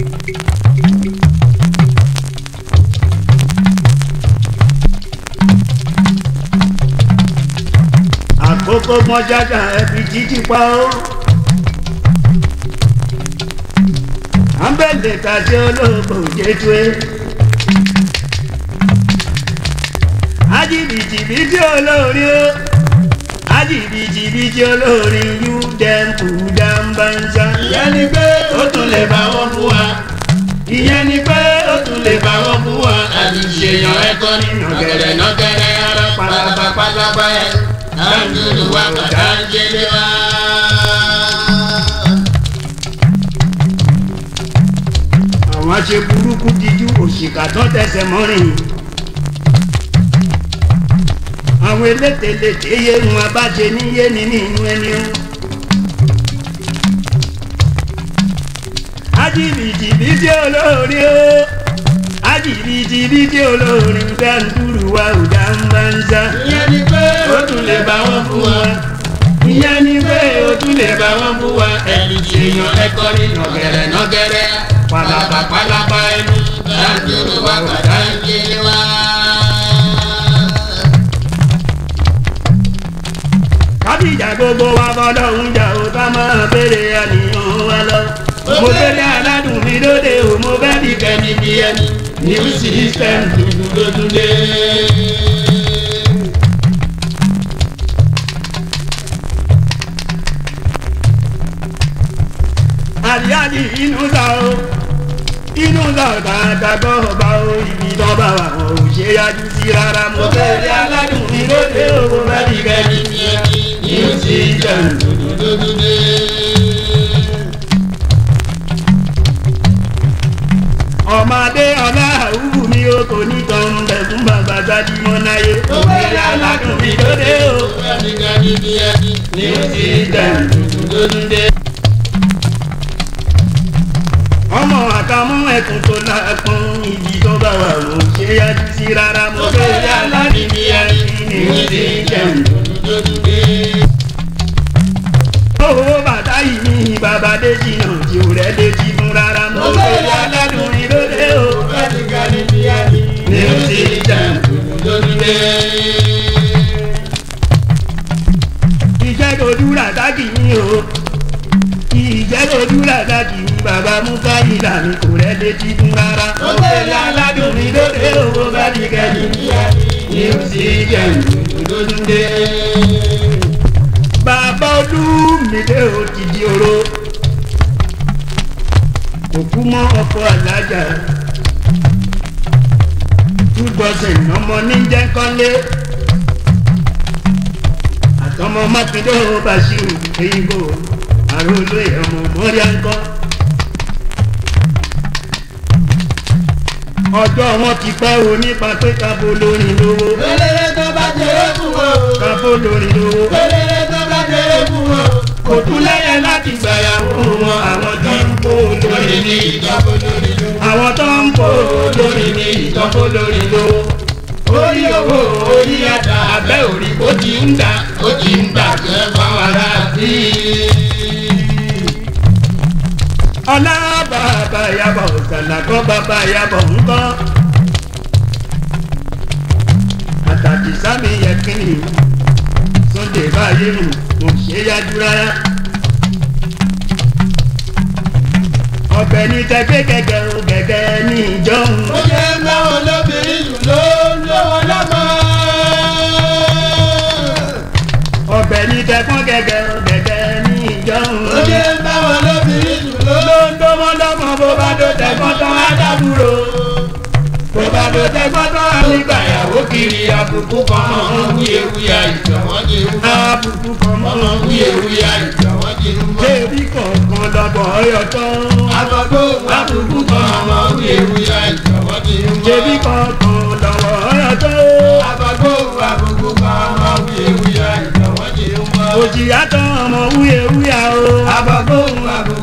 àkókò mọ́jájà ẹbí jíjí pa ó. àbẹ̀lẹ̀ tàbí olóògbò jẹ́jú ẹ. ajíbìjì bíi tí olórí ó ajíbíjìbíjì olórí udempu dambanza. ìyẹn ni pé ó tún lè bá wọn fún wa. ìyẹn ni pé ó tún lè bá wọn fún wa. àti ṣèyàn ẹ̀kọ́ ní nọ̀gẹ̀rẹ̀ nọ̀gẹ̀rẹ̀ ara pàlàpà pàlàpà ẹ̀. àǹdùnú wa kàdá ń jẹ́lé wa. àwọn ṣe burúkú díjú òṣìkà tó tẹsẹ̀ mọ́rin àwọn elétèlétè yé wọn bá ṣe níyé ni nínú ẹni o. ajìbìjìbìjì olórí o ajìbìjìbìjì olórí gbàǹdùrù wa ò dá ń bá ń sá. ìyẹn ni pé o tún lè bá wọn fún wa ìyẹn ni pé o tún lè bá wọn fún wa ẹni tí èèyàn ẹkọ ní nọgẹrẹ nọgẹrẹ pàlàbà pàlàbà ẹnu gbàǹdùrù wa kàdá ẹnu. kábíjà gbogbo wa fọlọ́hún jà ó ká máa béèrè àníyàn wa lọ. mo fẹ́lẹ́ aládùn mi lóde o mo fẹ́ bí kẹ́mi bí ẹni new system tuntun tó tún dé. àríyá ni inú ta o inú bàbá àtàgbọ́ ọba o ibi tán bá wà wọn ò ṣe yájú sí rárá mo fẹ́ rí aládùn mi lóde owó bá ti fẹ́ ní o ti jẹun dòdòdòdòdè. ọmọdé ọlá àwùjọ mi ò kò ní tọrùn bẹ̀ fún bàbá gbajúmọ̀ náyé. mo fẹ́ rí aládùn mi lóde owó bá ti fẹ́ ní o ti jẹun dòdòdòdòdè ọmọ àtàmú ẹkùn tó lápọn ibi tó bá wà ló ṣe yájú sí rárá mo fẹ́ yá láti bí ẹni ní ìdí jẹun lójú gbé. owó bàtà yìí ní bàbá déjì náà tí ò déjì fún rárá mo fẹ́ yá ládùnrin lóde o. láti ga ní bí ẹni ní ìdí jẹun lójú gbé. iṣẹ́ dojú ràtàkì yín o ìjẹ́lódú làdájú bàbá Múkáìlà mi kò rẹ́ ti fún rárá. ó tẹ̀lé aládùn mi lóde owó bá di kẹ́lí níyà ní òsì ìjẹ̀lú lójúndé. bàbá Olúmídé ó ti di oró kò kú mọ́ ọkọ̀ alájà túbọ̀sẹ̀ ìnáwó níjẹ́ kọ́lé àtọmọ mákindé ó bá ṣírù èyí kò àròlé ọmọ mọ́ríà ń kọ́. ọjọ́ wọn ti pẹ́ o nípa pé kábó lórin lówó. eléré tó bá jẹrẹ fún o. kábó lórin lówó. eléré tó bá jẹrẹ fún o. kò tún lẹ́yẹ láti gbàyàwó wọn àwọn tó ń kó lórí ní ìjọba lórí lówó. àwọn tó ń kó lórí ní ìjọba lórí lówó orí owó orí ẹ̀dá abẹ́ òrí ó ti ń dà ó ti ń gbàgbé fáwọn ará sí i ọlá bàbá yabọ̀ ògànlàkọ́ bàbá yabọ̀ ńkọ́ àtàkì sámi yẹ kíni sunday báyìí nù kò ṣe é yájú rárá ọbẹ̀ ní tẹ́gbẹ́ gẹ́gẹ́ o gẹ́gẹ́ ní ìjọ́hun. ó jẹ́ ńlá olóbìnrin jù ló ń lówó lọ́mọ. ọbẹ̀ ní tẹ́gbọ́n gẹ́gẹ́ o gẹ́gẹ́. ló jẹ gbọ́dọ̀ nígbà ìyàwó kiri àbùkù kan máa ń wúyewúye àìsàn wọn jẹ irú. àbùkù kan máa ń wúyewúye àìsàn wọn jẹ irú. bébí kọ̀ọ̀kan lọ́bọ̀ ọyọ tán. àbọ̀dọ̀ àbùkù kan máa ń wúyewúye àìsàn wọn jẹ irú. bébí kọ̀ọ̀kan lọ́bọ̀ àbùkù kan máa ń wúyewúye àìsàn wọn jẹ irú. ọmọ wúyewúye o. àbọ̀dọ̀ àbùkù.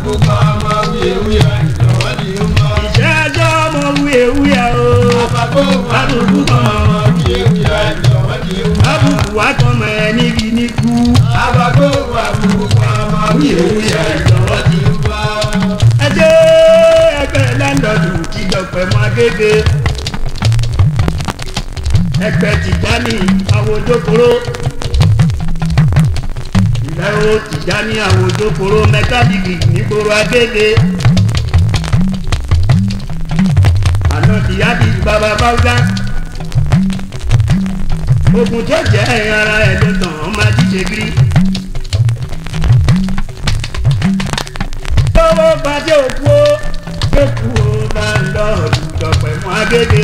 kó alùpùpù kan kí èkì àjọ wọn kì í wá. abùkù wa tán mọ ẹ níbi níkú. abàgbó àbùkù kan mọ kí èkì àjọ wọn kì í wá. ẹ jẹ́ ẹgbẹ́ lẹ́ńdọ̀dù kí dọ̀pẹ́ mọ́ àwòjókòrò ìlẹ́wọ̀ nígboro agége. ìyá di bàbá báwúdá ogun tó jẹ́ ara ẹ̀ ló tàn án máa jíṣe kiri. lọ́wọ́ bàjẹ́ òkú ó gbé kú ó láńlọ́ọ̀dù dọ̀pẹ̀ mọ́ agége.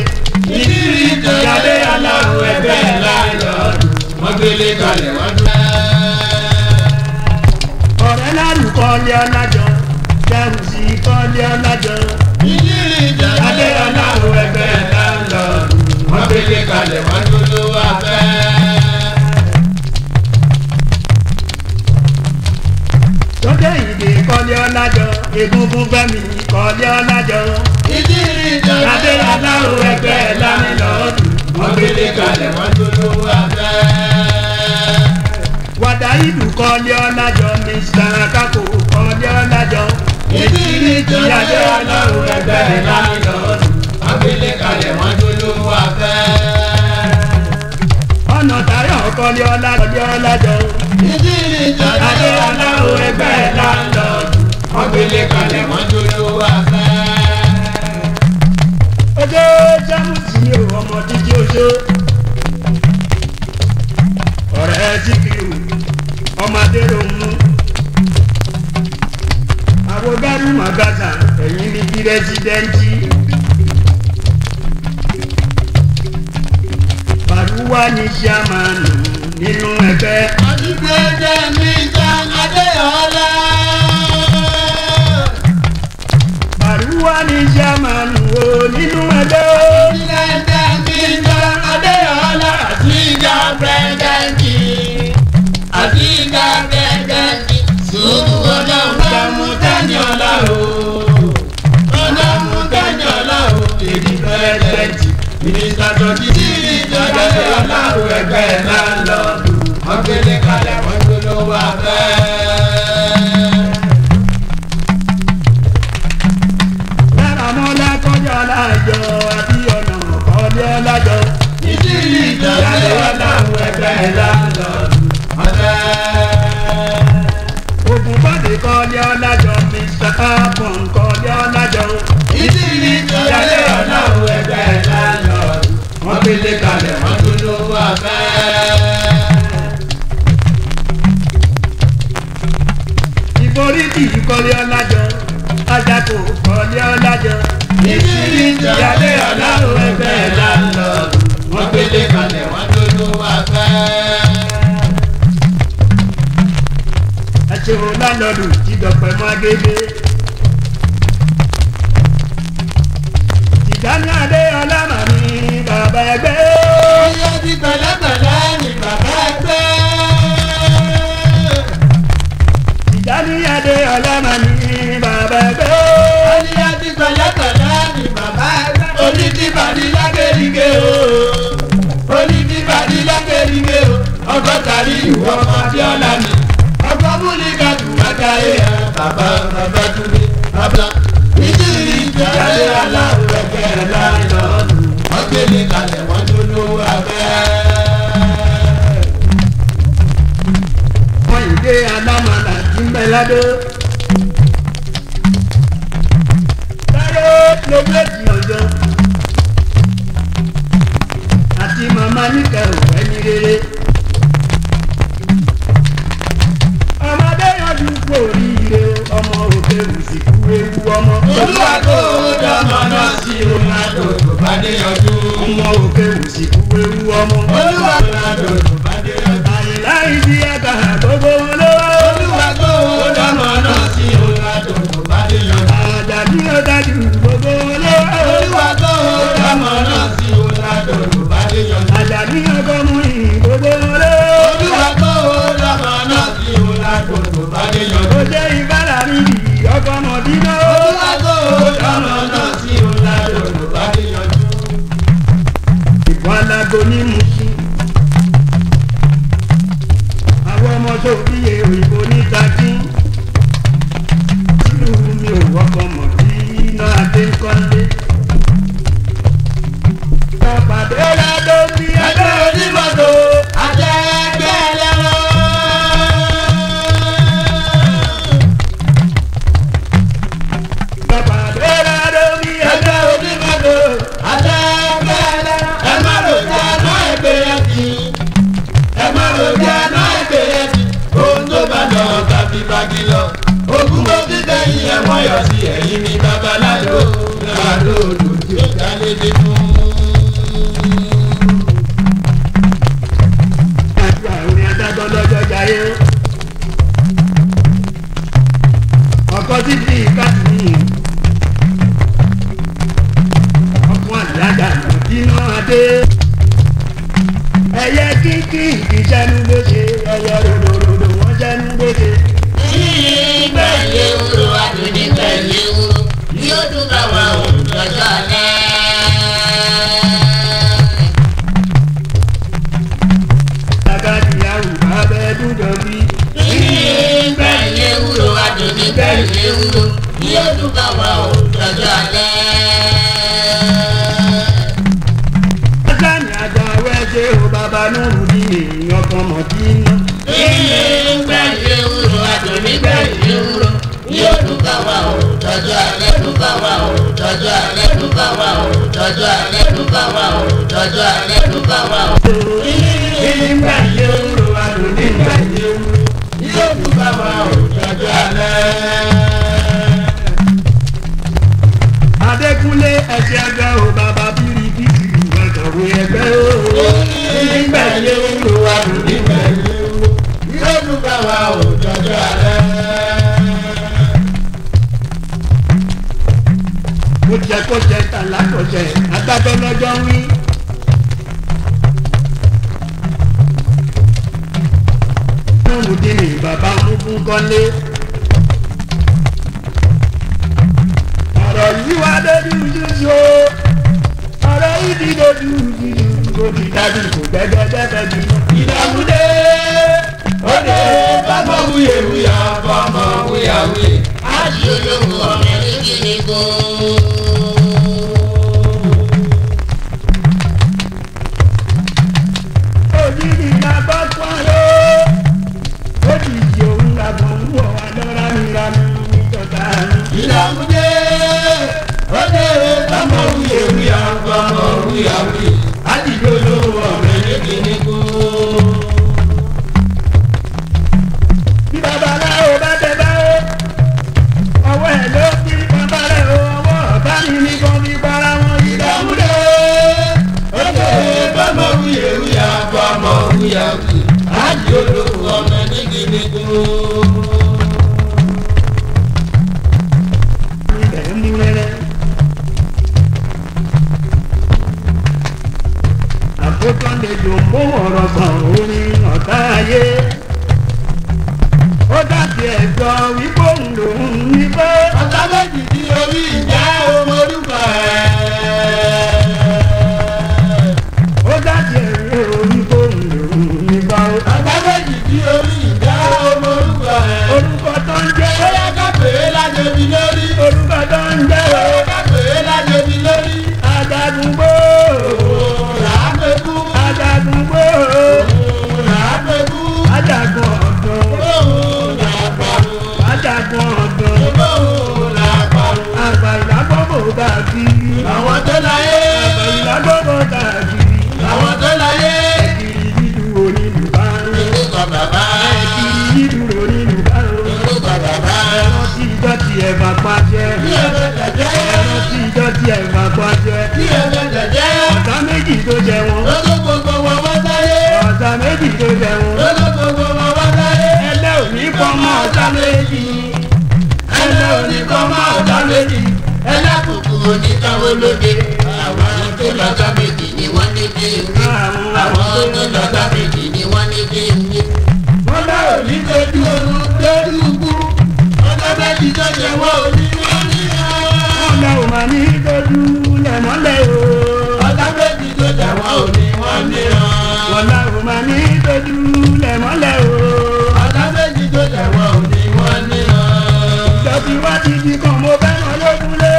ìdírí ìjọba aláwọ̀ ẹgbẹ́ láńlọ́ọ̀dù mọ́gbélé kalẹ̀ wọ́n dúró. ọ̀rẹ́ lárúkọ ọlẹ́ ọlájọ dẹrù sí kọ́lé ọlájọ. ìdírí adé ọlọ́run ẹgbẹ́ láńlọ́ọ̀dù wọ́n gbélé kalẹ̀ wọ́n tó ló wá fẹ́. lókè ìdè kọ́lé ọlájọ egungun fẹ́mi kọ́lé ọlájọ. ìdí ìjọ adé ọlọ́run ẹgbẹ́ láńlọ́ọ̀dù wọ́n gbélé kalẹ̀ wọ́n tó ló wá fẹ́. wàdà ìlú kọ́lé ọlájọ mr kakó kọ́lé ọlájọ. ìdí ìjọ adé ọlọ́run ẹgbẹ́ lánàá wọ́n fi lé kalẹ̀ wọ́n tó lówó afẹ́. ọ̀nà táyọ̀ kọ́lé ọlá kọ́lé ọlá jọ. ìdí ìjọ adé aláwo ẹgbẹ́ lánàá wọ́n fi lé kalẹ̀ wọ́n tó lówó afẹ́. ojú jámùsì ni òun ọmọ dídí ojú. ọ̀rẹ́ jíkìrì ọmọdé lòun mú. àwọn gárùn-ún màgàzà ẹ̀yin ni pírẹ́sidẹ́ǹtì Bàrúwá ni ṣàmánù nínú ẹgbẹ́. àdìgbẹ́jẹ́ mi tán Adéyọlá. Bàrúwá ni ṣàmánù o nínú ẹgbẹ́ o. àdìgbẹ́jẹ́ mi tán Adéyọlá àti ìjà pírẹ́sidẹ́ǹtì àti ìjà pírẹ́sidẹ́ǹtì. ọ̀nà títí ìjọba ṣe ọlọ́run ẹgbẹ́ náà lọ. wọ́n gbélé kalẹ̀ wọ́n tó ló wà bẹ́ẹ̀. dáramọ́lá kọjá láàjọ àbí ọ̀nà kọ́lé ọlájọ. títí ìjọba ṣe ọlọ́run ẹgbẹ́ náà. lọ́dún tí dọ̀pẹ́ máa dédé. ìdáná àdá. Tado Tado ló méjì ọjọ́ àti màmá níkà òwò ẹni rere ọmọdé yọjú kú oríire ọmọ òkè òsìkú ewu ọmọ. olùwàgò dọ́mọ náà sí òun àdó tó bá dé yọjú. ọmọ òkè òsìkú ewu ọmọ. Thank you. lọ́jọ́ alẹ́ ló bá wà o lọ́jọ́ alẹ́ ló bá wà o. nígbà yóò rò wá lò nígbà yóò yóò ló bá wà o lọ́jọ́ alẹ́. Adékúnlé ẹ̀sìn ẹgbẹ́ o bàbá bírí bíbí ìgbàgbọ́ ẹgbẹ́ o. nígbà yóò rò wá lò nígbà yóò yóò ló bá wà o lọ́jọ́ alẹ́. mo jẹ kó jẹ alákọ̀jẹ́ agbábẹ́ lọ́jọ́ ń rí. nurudini bàbá mugun kọ́lé. ọ̀rọ̀ yìí wá lójú ṣíṣe o ọ̀rọ̀ yìí ti lójú ṣíṣe kò ti dájú kò gbẹgbẹgbẹgbẹ jù. ìdààmú dé ó dé bàbá wuyè wù. oníkan máa ò dá lórí ẹlẹ́kùnkùn oníkan olóde àwọn tó lọ́jọ́ méjì ni wọ́n ní bí mi àwọn tó lọ́jọ́ méjì ni wọ́n ní bí mi. wọ́n lọ òní lójú oorun lórí ugbú ọjọ́ méjì tó ṣe wọ́n òní lórí ẹ̀rọ. wọ́n lọ òmà ní lójú lẹ́mọ́lẹ́ o. ọjọ́ méjì tó ṣe wọ́n òní wọ́n ní ẹ̀rọ. wọ́n lọ òmà ní lójú lẹ́mọ́lẹ́ o. gidi kan mo fẹ́ràn lójúlé.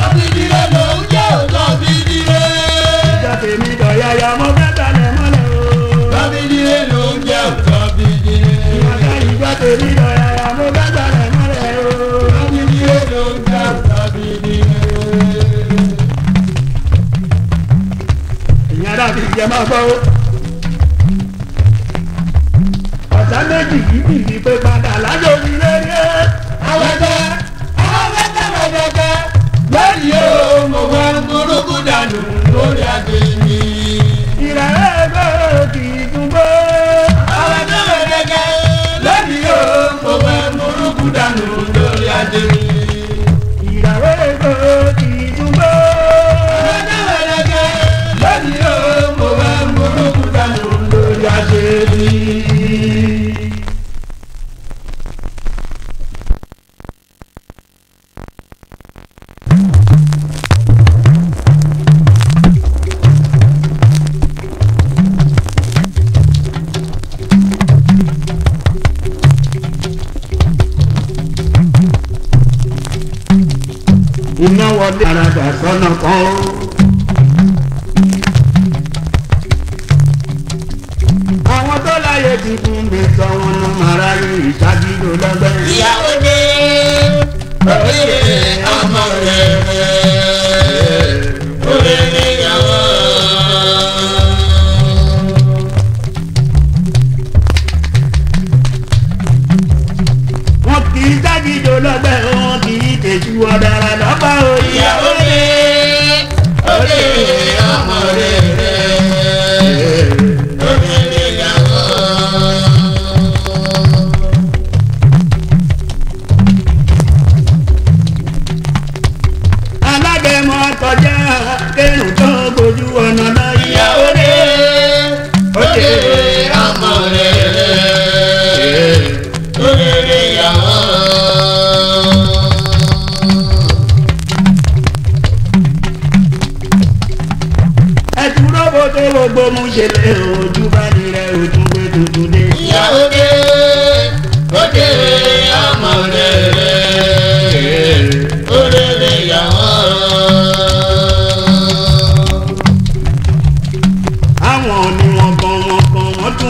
lọ́bìdì rẹ̀ ló ń jẹ́ ò lọ́bìdì rẹ̀. ìjọ tèmi dọ̀yàyà mo fẹ́ balẹ̀ mọ́lẹ̀ o. lọ́bìdì rẹ̀ ló ń jẹ́ ò lọ́bìdì rẹ̀. ìwọ̀nba ìjọ tèmi dọ̀yàyà mo fẹ́ balẹ̀ mọ́lẹ̀ o. lọ́bìdì rẹ̀ ló ń jẹ́ ò lọ́bìdì rẹ̀. ìyẹn dàbí ìjẹ máa gbọ́ o. ọ̀sán méjì yìí bìbí pé padà lájọ́ mi lé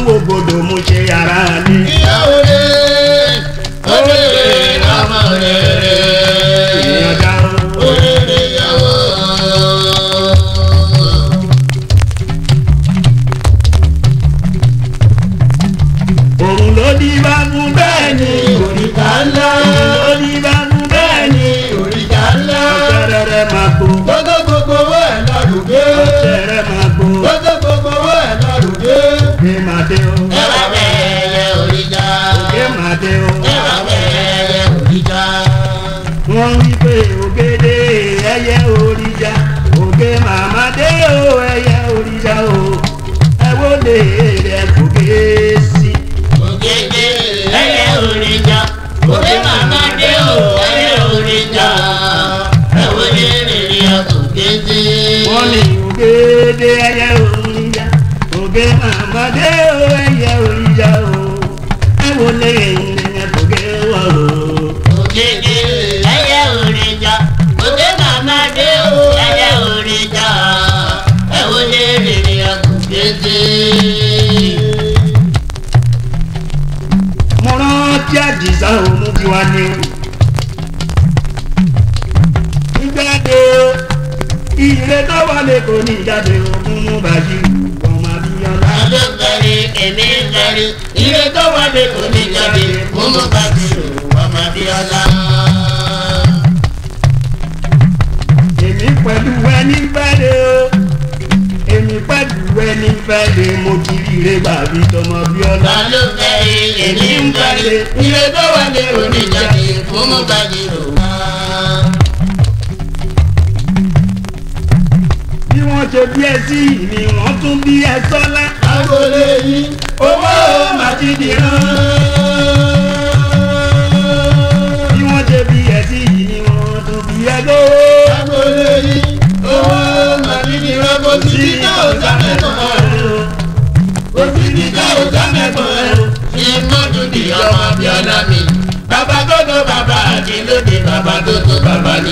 òbòdò mo ṣe ara mi.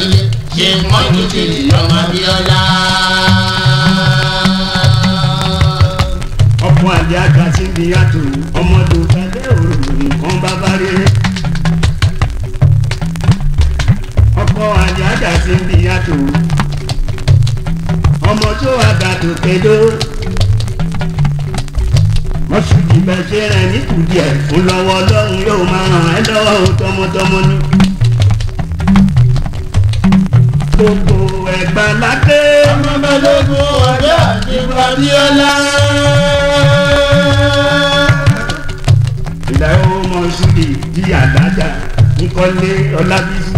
nílé ṣe mọ́tò kiri ọmọ bíọ́lá. ọmọ àlè àgbà tí ń bí yàtọ̀ yìí. Ọlábísí.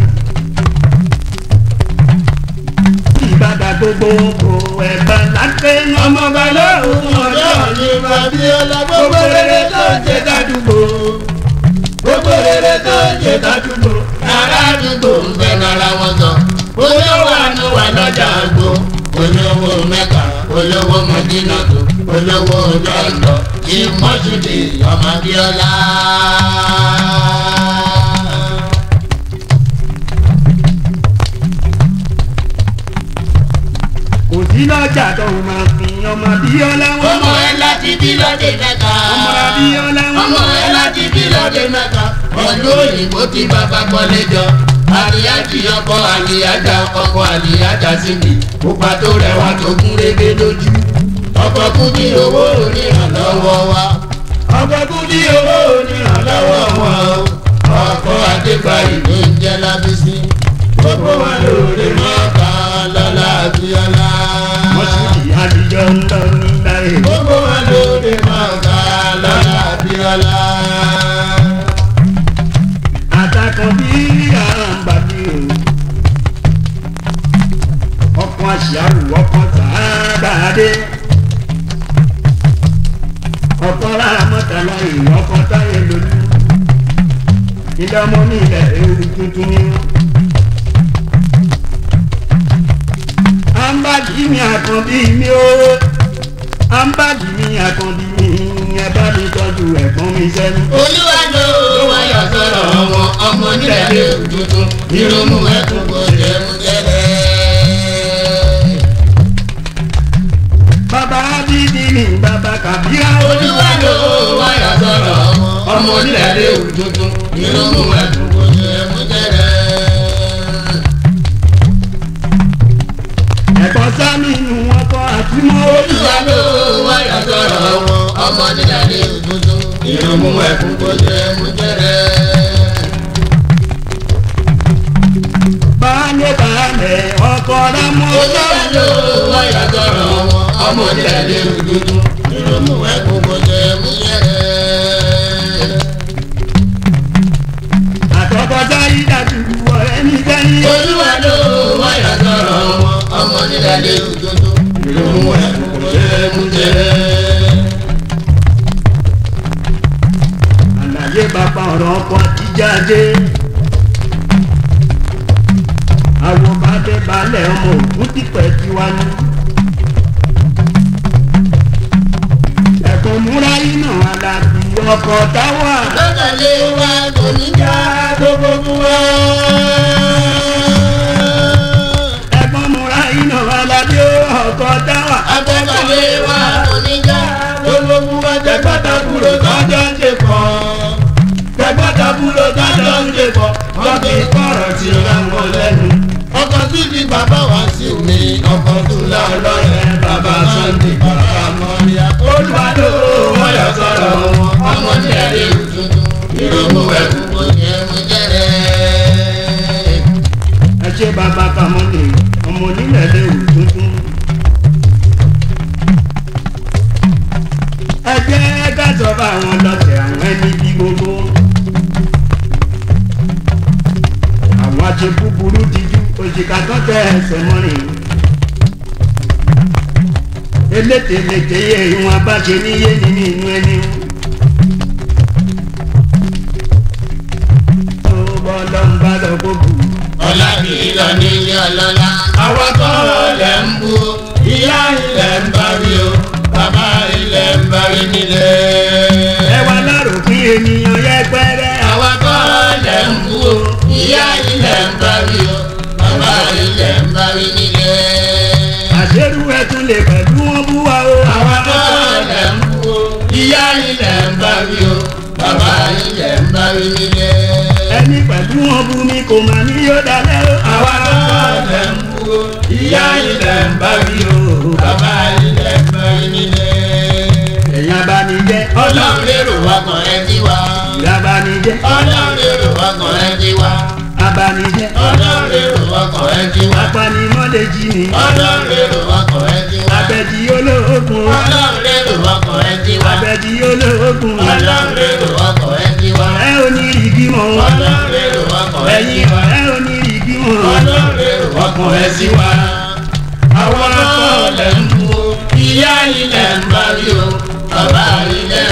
ìbàdà gbogbo kò ẹ̀bà láti ọmọ balógun ọjọ́ ní babiola gbogbo rere tó jẹ dádúgbò gbogbo rere tó jẹ dádúgbò ará àdúgbò ń bẹ lára wọn gan olówó àánú wà lọ́jà àgbo olówó mẹ́ta olówó mọ́dínà tó olówó ọjọ́ ìlọ ìmọ̀ṣúdì ọmọ bíọ́lá. bí lọ́jà tó máa fi ọmọ Abíọ́lá wọn. ọmọ ẹ láti bí lóde mẹ́ta. ọmọ Abíọ́lá wọn. ọmọ ẹ láti bí lóde mẹ́ta. ọdún òyìnbó tí bàbá kọ́lé jọ àríyájì ọkọ àríyájà ọkọ àríyájà síbi pupa tó rẹwà tó gún régé lójú ọkọ kúndí owó onírànlọ́wọ́ wa ọkọ kúndí owó onírànlọ́wọ́ wa ọkọ adébáyé ló ń jẹ́ lábísí gbogbo wa ló. tuntun. àǹbàdì mi àkànbí mi ó àǹbàdì mi àkànbí mi ẹ bá mi tọ́jú ẹ̀gbọ́n mi sẹ́nu. olúwa ló wáyà sọ̀rọ̀ wọn ọmọ nílẹ̀ tuntun ìrònú ẹ̀. ẹ̀kọ́ sámi nù wọn kọ́ àti mọ́. olúwa ló wá yàtọ̀ wọn ọmọ nílẹ̀ ní ìgbóso ìrùmú ẹ̀kún kò jẹ mú jẹrẹ. baálé baálé ọkọ rámú. olúwa ló wá yàtọ̀ wọn ọmọ nílẹ̀ ní ìgbóso ìrùmú ẹ̀kún kò jẹ mú jẹrẹ. àtọkọjá yìí dàbí wọ ẹnikẹ́ni. olúwa ló wá yàtọ̀ wọn ọmọ onídàálẹ̀ òdodo ìrònú ẹ̀kọ́ jẹ́mújẹ́. àlàyé bàbá ọ̀rọ̀ ọkọ̀ àtijáde àwọn bàbá balẹ̀ ọmọ òkú tipẹ̀ tiwa ní. ẹ̀kọ́ múra iná alábí ọkọ̀ táwa. lọ́kàlẹ́ wa kò ní já gbogbo wa. abẹ́kọ̀wé wa oníjà. lọ́lọ́mú wa tẹgbàtàbúrò tọ́jọ́ ń ké pọ̀. tẹgbàtàbúrò tọ́jọ́ ń ké pọ̀. wọ́n fi kọ́rọ̀ sí i. bá ṣe níyé nínú inú ẹni o. ọmọ ọlọ́run bá lọ kó bù. ọlá kì í lọ nílé ọlọ́lá. àwa tọ́rọ ilẹ̀ ń bu ìyá ilẹ̀ ń bá o bàbá ilẹ̀ ń bá rí nílé. ẹ wá láròpin ènìyàn yẹpẹrẹ. àwa tọ́rọ ilẹ̀ ń bu o ìyá ilẹ̀ ń bá rí o bàbá ilẹ̀ ń bá nílé. àṣerú ẹ tún lè pẹ̀lú. wí o bàbá yín lẹ̀ ń bá wí nílé. ẹni pẹ̀lú wọn bu mi kò mà ní yóò dalẹ̀ o. àwa náà lẹ̀ ń bu o ìyá yín lẹ̀ ń bá wí o bàbá yín lẹ̀ ń bá wí nílé. èèyàn bá mi jẹ́. ọlọ́run lérò wa kàn ẹ́ sí wa. ìyá bá mi jẹ́. ọlọ́run lérò wa kàn ẹ́ sí wa abanijẹ́. ọlọ́rẹ̀rọ̀ ọkọ̀ ẹ ti wá. apanimọ́lẹ̀ jí ni. ọlọ́rẹ̀rọ̀ ọkọ̀ ẹ ti wá. mọ̀ ọ́ ẹ̀yin ọ̀rẹ́ onírìgì mọ̀ ọkàn ẹ̀ sí wa. àwọn ọkọ lẹ̀ ń bu ìyá ilẹ̀ ń bá rí bàbá ilẹ̀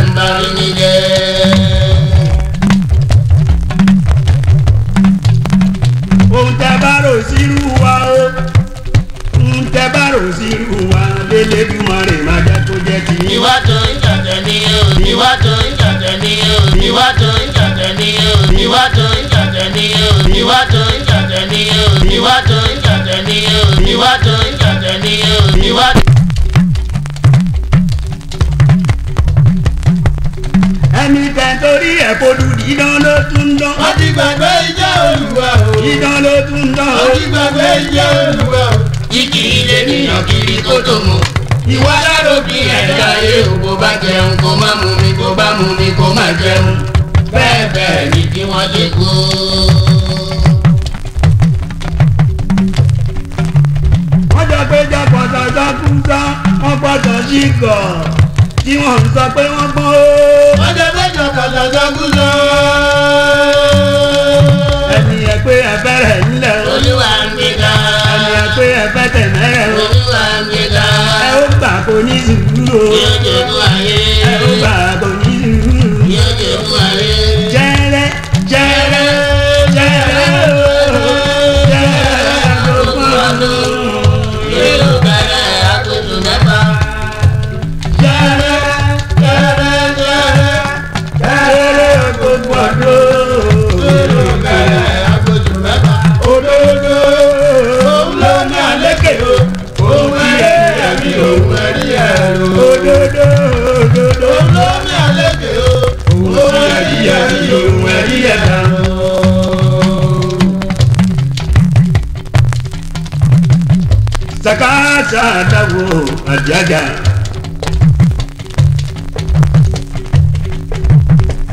jágà.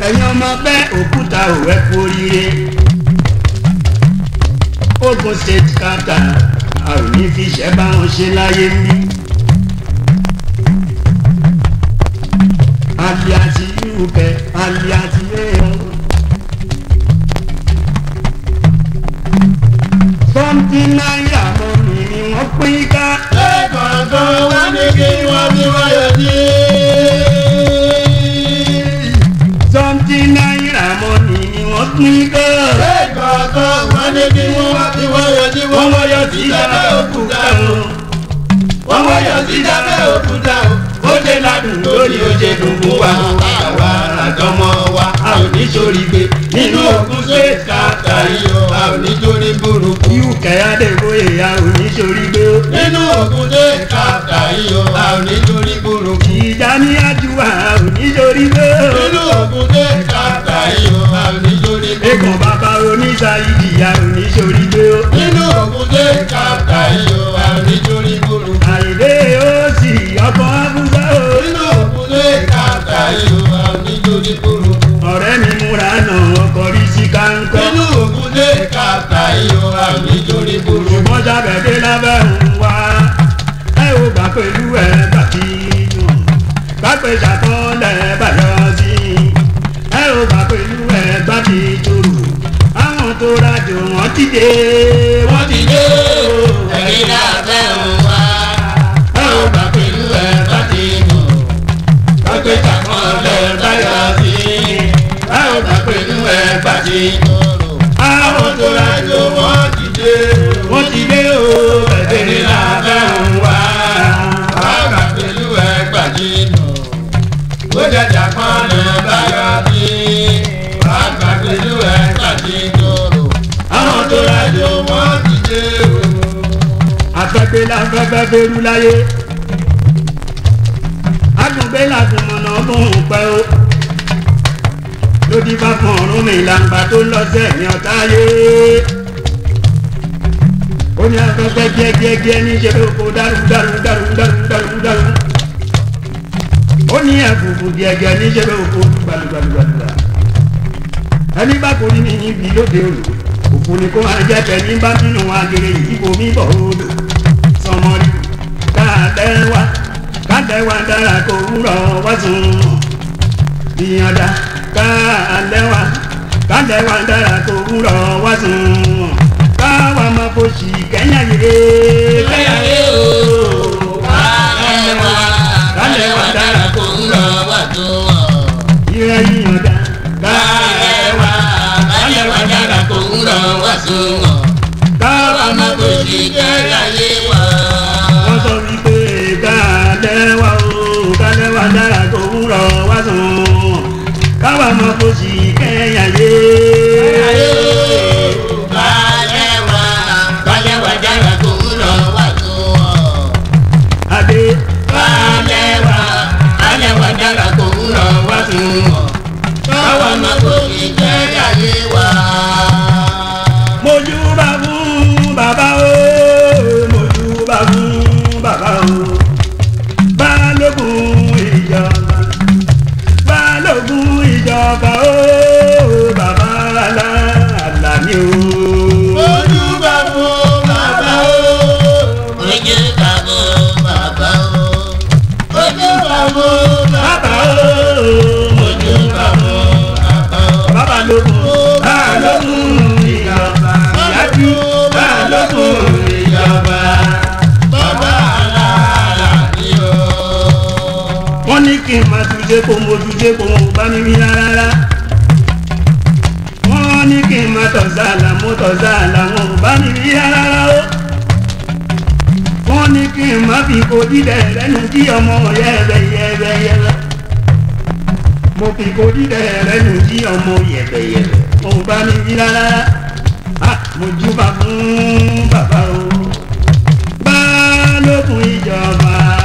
ẹ̀yin ọmọ bẹ́ òkúta òwe kú oríire Ogun State capital a ò ní fi ṣẹ́ bá wọn ṣe láyé ń bí. aliati yúkẹ́ aliati yẹ́yọ́. fọ́ńtì náírà mọ́ mi ni wọ́n pín ká kan wá ní kí wọ́n fi wáyọ̀ dé. sọ́ńtì náírà mọ́ni ni wọ́n pín gan. lẹ́ẹ̀kan kan wá ní kí wọ́n fi wáyọ̀ dé. wọ́n wáyọ̀ sí ìdábẹ́ òkúta o. wọ́n wáyọ̀ sí ìdábẹ́ òkúta o. ó dé ládùn lórí oje dùnkún wa. àwa àtọmọ wa a ò ní sórí gbé nínú òkú ṣe kàkà yìí ànítorí burúkú. yíyù kẹ́yàdé bóyè ya oníṣorí gbé. nínú òkú ṣe kàkà yìí ànítorí burúkú. ìjà ní àjùwà oníṣorí gbé. nínú òkú ṣe kàkà yìí ànítorí burúkú. ẹ̀kọ́ bàbá oníṣàyí ìyá oníṣorí gbé. tó fẹ́ bẹ́rù láyé agùnbé làgùnmọ̀nà ọmọhùn pẹ́ o lódì bá fún ọ̀run mi làǹgbà tó lọ sẹ́mi ọ̀tá yé ó ní afẹ́fẹ́ gẹ́gẹ́gẹ́ ní ṣe ló kó dárú dárú dárú dárú dárú dárú ó ní àbùkù gẹ́gẹ́ ní ṣe ló kó gbalugbalugbalugba ẹni bá kò ní ní ibi lóde òru òkú ni kó máa jẹ́ tẹ̀ ní bá nínú agere yìí kò mí bọ̀ ọ́ lò kálẹ̀ wa, kálẹ̀ wa dára kò wúrọ̀ wá sùn. ìyànjá kálẹ̀ wá kálẹ̀ wá dára kò wúrọ̀ wá sùn. káwa máa bó ṣì kẹ́yà yé. kẹ́yà yé o kálẹ̀ wa, kálẹ̀ wa dára kò wúrọ̀ wá sùn. ìrẹ́ ìyànjá kálẹ̀ wá kálẹ̀ wá dára kò wúrọ̀ wá sùn. káwa máa bó ṣì kẹ́yà yé wá. má tujé kó mo tujé kó mo bá mi wí rárá. wọ́n ní kí n má tọ̀sàlà mo tọ̀sàlà wọn ò bá mi wí rárá o. wọ́n ní kí n má fi kó dídẹ̀ rẹ́nu kí ọmọ yẹ̀bẹ̀ yẹ̀bẹ̀ yẹ̀bẹ̀. mo fi kó dídẹ̀ rẹ́nu kí ọmọ yẹ̀bẹ̀ yẹ̀bẹ̀ wọn ò bá mi wí rárá. mo júbà fún bàbá o. bá lókun ìjọba.